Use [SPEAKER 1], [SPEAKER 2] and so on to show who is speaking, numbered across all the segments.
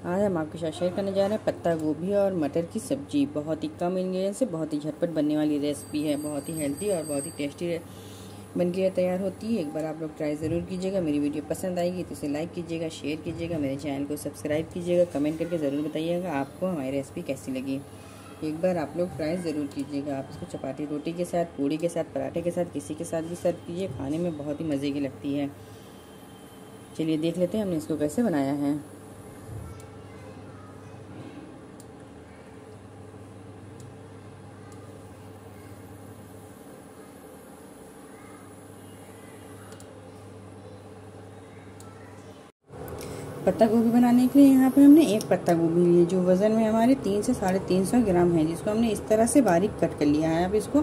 [SPEAKER 1] आज हाँ हम आपके साथ शेयर करने जा रहे हैं पत्ता गोभी और मटर की सब्जी बहुत ही कम इंग्रेडिएंट से बहुत ही झटपट बनने वाली रेसिपी है बहुत ही हेल्दी और बहुत ही टेस्टी बन के तैयार होती है एक बार आप लोग ट्राई ज़रूर कीजिएगा मेरी वीडियो पसंद आएगी तो इसे लाइक कीजिएगा शेयर कीजिएगा मेरे चैनल को सब्सक्राइब कीजिएगा कमेंट करके ज़रूर बताइएगा आपको हमारी रेसिपी कैसी लगी एक बार आप लोग ट्राई ज़रूर कीजिएगा आप इसको चपाती रोटी के साथ पूड़ी के साथ पराठे के साथ किसी के साथ भी सर्व कीजिए खाने में बहुत ही मज़े की लगती है चलिए देख लेते हैं हमने इसको कैसे बनाया है पत्ता गोभी बनाने के लिए यहाँ पे हमने एक पत्ता गोभी ली है जो वज़न में हमारे तीन से साढ़े तीन सौ ग्राम है जिसको हमने इस तरह से बारीक कट कर लिया है अब इसको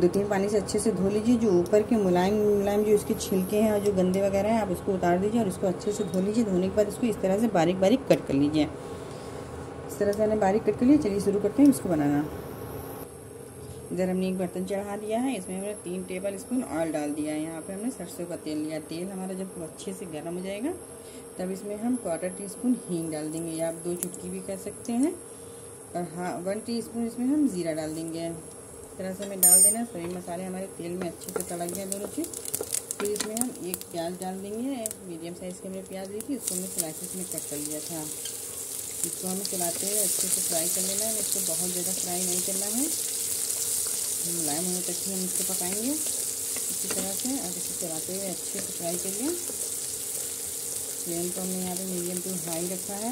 [SPEAKER 1] दो तीन पानी से अच्छे से धो लीजिए जो ऊपर के मुलायम मुलायम जो इसके छिलके हैं और जो गंदे वगैरह हैं आप इसको उतार दीजिए और इसको अच्छे से धो लीजिए धोने के बाद इसको इस तरह से बारीक बारीक कट कर लीजिए इस तरह से हमने बारीक कट कर लिया चलिए शुरू करते हैं इसको बनाना इधर हमने एक बर्तन चढ़ा दिया है इसमें हमने तीन टेबल स्पून ऑयल डाल दिया है यहाँ पे हमने सरसों का तेल लिया तेल हमारा जब अच्छे से गर्म हो जाएगा तब इसमें हम क्वार्टर टी स्पून हींग डाल देंगे या आप दो चुटकी भी कर सकते हैं और हाँ वन टी स्पून इसमें हम ज़ीरा डाल देंगे इस तरह से हमें डाल देना सभी मसाले हमारे तेल में अच्छे से तड़क गया दोनों चीज़ फिर इसमें हम एक प्याज डाल देंगे मीडियम साइज़ के हमने प्याज ली थी उसको हमने स्लाइसिस में कट कर लिया था इसको हमें चलाते हुए अच्छे से फ्राई कर लेना है इसको बहुत ज़्यादा फ्राई नहीं करना है मुलायम होने तक ही हम इसको पकाएंगे इसी तरह से और इसको चलाते हुए अच्छे से फ्राई करिए फ्लेम को तो हमने यहाँ पे मीडियम टू हाई रखा है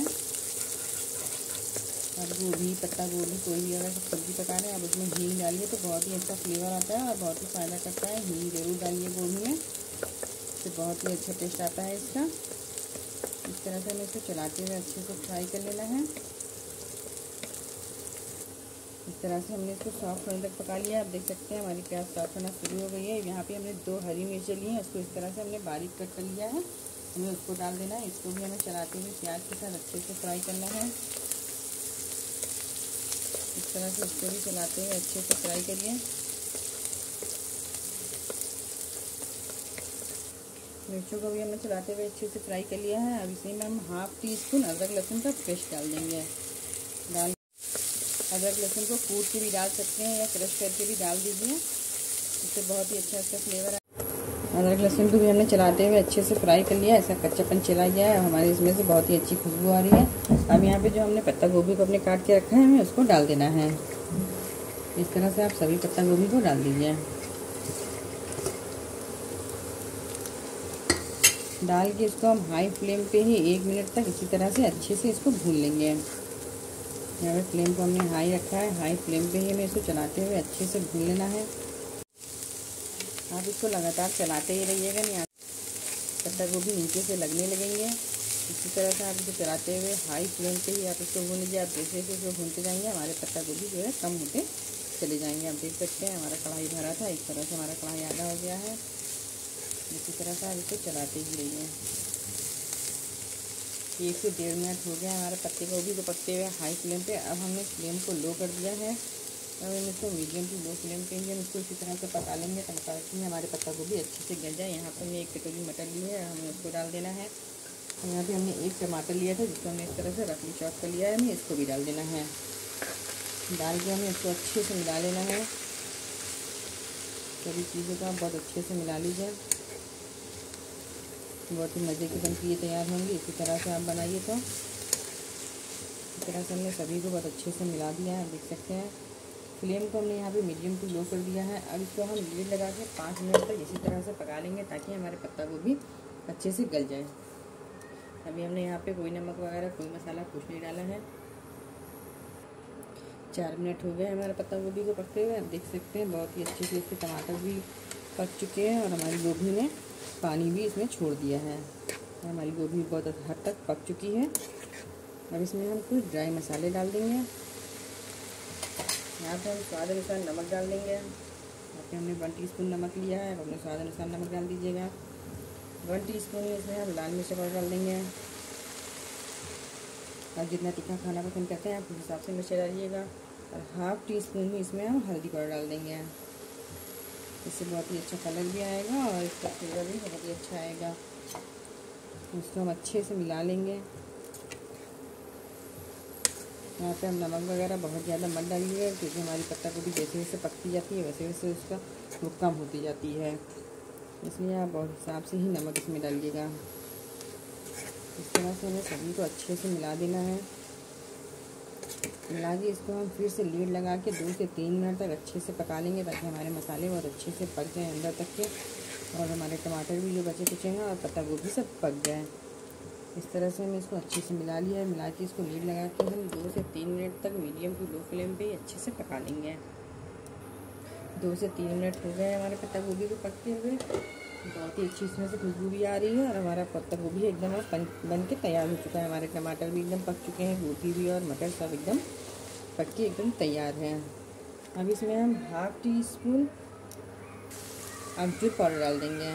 [SPEAKER 1] और गोभी पत्ता गोभी कोई भी अगर सब्जी पका रहे हैं आप उसमें हींग डालिए तो बहुत ही अच्छा फ्लेवर आता है और बहुत ही फ़ायदा करता है हींग ज़रूर डालिए गोभी में तो बहुत ही अच्छा टेस्ट आता है इसका इस तरह से हमें इसको चलाते हुए अच्छे से फ्राई कर लेना है इस तरह से हमने इसको सॉफ्ट होने तक पका लिया आप देख सकते हैं हमारी प्याज सॉफ्ट होना शुरू हो गई है यहाँ पे हमने दो हरी मिर्च ली हैं उसको इस तरह से हमने बारीक कट कर लिया है हमें उसको डाल देना है इसको भी हमें चलाते हुए प्याज के साथ अच्छे से फ्राई करना है इस तरह से उसको भी चलाते हुए अच्छे से फ्राई करिए मिर्चों को भी हमने चलाते हुए अच्छे से फ्राई कर लिया है अब इसी में हम हाफ टी स्पून अदरक लहसुन का पेस्ट डाल देंगे डाल अदरक लहसुन को कूट के भी डाल सकते हैं या क्रश करके भी डाल दीजिए इससे बहुत ही अच्छा अच्छा फ्लेवर अदरक लहसुन को भी हमने चलाते हुए अच्छे से फ्राई कर लिया ऐसा कच्चापन चला गया है हमारे इसमें से बहुत ही अच्छी खुशबू आ रही है अब यहाँ पे जो हमने पत्ता गोभी को अपने काट के रखा है हमें उसको डाल देना है इस तरह से आप सभी पत्ता गोभी को डाल दीजिए डाल के इसको हम हाई फ्लेम पे ही एक मिनट तक इसी तरह से अच्छे से इसको भून लेंगे यहाँ पे फ्लेम को हमने हाई रखा है हाई फ्लेम पे ही हमें इसको चलाते हुए अच्छे से भून लेना है आप इसको लगातार चलाते ही रहिएगा नहीं तब तक वो भी नीचे से लगने लगेंगे इसी तरह से आप इसको चलाते हुए हाई फ्लेम पे ही आप इसको भून लीजिए आप जैसे जैसे इसको भूनते जाएंगे हमारे पत्ता गोभी जो है कम होते चले जाएंगे आप देख सकते हैं हमारा कढ़ाई भरा था इस तरह से हमारा कढ़ाई आधा हो गया है इसी तरह से आप इसको चलाते ही रहिए एक से डेढ़ मिनट हो गया हमारे पत्ते गोभी को पकते हुए हाई फ्लेम पर अब हमने फ्लेम को लो कर दिया है हम इसको मीडियम टू लो फ्लेम पे लिए हम इसको इसी तरह से पका लेंगे ताकि हमारे पत्ता गोभी अच्छे से गल जाए यहाँ पर हमने एक कटोरी मटर ली है हमें उसको डाल देना है यहाँ पे हमने एक टमाटर लिया था जिसको हमने इस तरह से रफली चॉप कर लिया है हमें इसको भी डाल देना है डाल के हमें इसको अच्छे से मिला लेना है सभी चीज़ों को आप बहुत अच्छे से मिला लीजिए बहुत ही मज़े की बनती है तैयार होंगी इसी तरह से आप बनाइए तो इस तरह से हमने सभी को बहुत अच्छे से मिला दिया है आप देख सकते हैं फ्लेम को हमने यहाँ पे मीडियम टू लो कर दिया है अब इसको हम लीड लगा के पाँच मिनट तक इसी तरह से पका लेंगे ताकि हमारे पत्ता गोभी अच्छे से गल जाए अभी हमने यहाँ पे कोई नमक वगैरह कोई मसाला कुछ नहीं डाला है चार मिनट हो गए हमारे पत्ता गोभी को पकते हुए आप देख सकते हैं बहुत ही अच्छे से इसके टमाटर भी पक चुके हैं और हमारी गोभी ने पानी भी इसमें छोड़ दिया है हमारी गोभी बहुत हद तक पक चुकी है अब इसमें हम कुछ ड्राई मसाले डाल देंगे यहाँ पे हम स्वाद अनुसार नमक डाल देंगे यहाँ पे हमने वन टीस्पून नमक लिया है अपने स्वाद अनुसार नमक डाल दीजिएगा वन टीस्पून इसमें हम लाल मिर्च पाउडर डाल देंगे आप जितना तीखा खाना पसंद करते हैं आप उस हिसाब से मिर्च डालिएगा और हाफ टी स्पून ही इसमें हम हल्दी पाउडर डाल देंगे इससे बहुत ही अच्छा कलर भी आएगा और इसका फ्लेवर भी बहुत ही अच्छा आएगा उसको हम अच्छे से मिला लेंगे यहाँ पे हम नमक वगैरह बहुत ज़्यादा मत डालिए क्योंकि हमारी पत्ता गोभी जैसे जैसे पकती जाती है वैसे वैसे उसका वो कम होती जाती है इसलिए आप बहुत हिसाब से ही नमक इसमें डालिएगा इस तरह से हमें सब्जी को अच्छे से मिला देना है मिला के इसको हम फिर से लीड लगा के दो से तीन मिनट तक अच्छे से पका लेंगे ताकि हमारे मसाले बहुत अच्छे से पक जाएँ अंदर तक के और हमारे टमाटर भी जो बचे कुचे हैं और पत्ता गोभी सब पक जाए इस तरह से हमें इसको अच्छे से मिला लिया है मिला के इसको लीड लगा के हम दो से तीन मिनट तक मीडियम टू लो फ्लेम पे अच्छे से पका लेंगे दो से तीन मिनट हो गए हमारे पत्ता गोभी को पकते हुए बहुत ही अच्छी इसमें से खुशबू भी आ रही है और हमारा पत्ता गोभी एकदम बन, बन के तैयार हो चुका है हमारे टमाटर भी एकदम पक चुके हैं गोभी भी और मटर सब एकदम पक के एकदम तैयार हैं अब इसमें हम हाफ टी स्पून अमचूर पाउडर डाल देंगे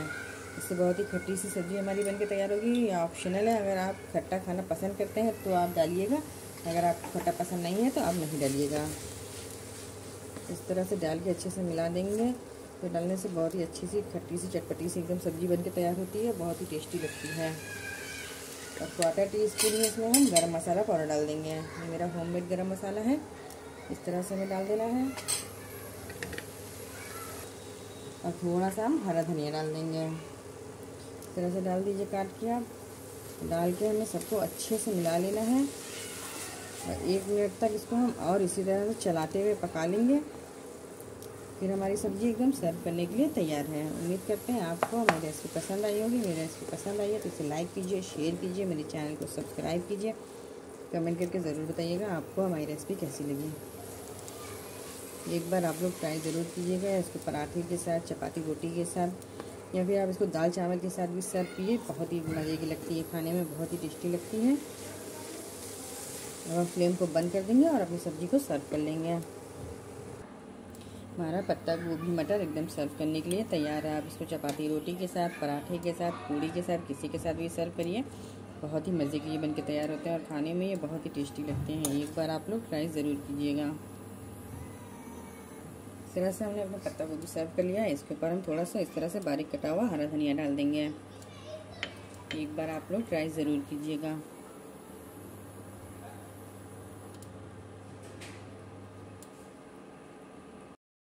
[SPEAKER 1] इससे बहुत ही खट्टी सी सब्ज़ी हमारी बनके तैयार होगी ऑप्शनल है अगर आप खट्टा खाना पसंद करते हैं तो आप डालिएगा अगर आपको खट्टा पसंद नहीं है तो आप नहीं डालिएगा इस तरह से डाल के अच्छे से मिला देंगे तो डालने से बहुत ही अच्छी सी खट्टी सी चटपटी सी एकदम सब्ज़ी बन के तैयार होती है बहुत ही टेस्टी लगती है और क्वार्टर टी स्पून में इसमें हम गर्म मसाला पाउडर डाल देंगे ये मेरा होममेड गरम मसाला है इस तरह से हमें डाल देना है और थोड़ा सा हम हरा धनिया डाल देंगे तरह से डाल दीजिए काट के आप डाल के हमें सबको अच्छे से मिला लेना है और एक मिनट तक इसको हम और इसी तरह से चलाते हुए पका लेंगे फिर हमारी सब्ज़ी एकदम सर्व करने के लिए तैयार है उम्मीद करते हैं आपको मेरी रेसिपी पसंद आई होगी मेरी रेसिपी पसंद आई है तो इसे लाइक कीजिए शेयर कीजिए मेरे चैनल को सब्सक्राइब कीजिए कमेंट करके ज़रूर बताइएगा आपको हमारी रेसिपी कैसी लगी एक बार आप लोग ट्राई ज़रूर कीजिएगा इसको पराठे के साथ चपाती रोटी के साथ या फिर आप इसको दाल चावल के साथ भी सर्व किए बहुत ही मज़े की लगती है खाने में बहुत ही टेस्टी लगती है हम फ्लेम को बंद कर देंगे और अपनी सब्ज़ी को सर्व कर लेंगे हमारा पत्ता गोभी मटर एकदम सर्व करने के लिए तैयार है आप इसको चपाती रोटी के साथ पराठे के साथ पूड़ी के साथ किसी के साथ भी सर्व करिए बहुत ही मज़े के ये बन के तैयार होते हैं और खाने में ये बहुत ही टेस्टी लगते हैं एक बार आप लोग ट्राई ज़रूर कीजिएगा इस तरह से हमने अपना पत्ता गोभी सर्व कर लिया है इसके ऊपर हम थोड़ा सा इस तरह से बारीक कटा हुआ हरा धनिया डाल देंगे एक बार आप लोग ट्राई ज़रूर कीजिएगा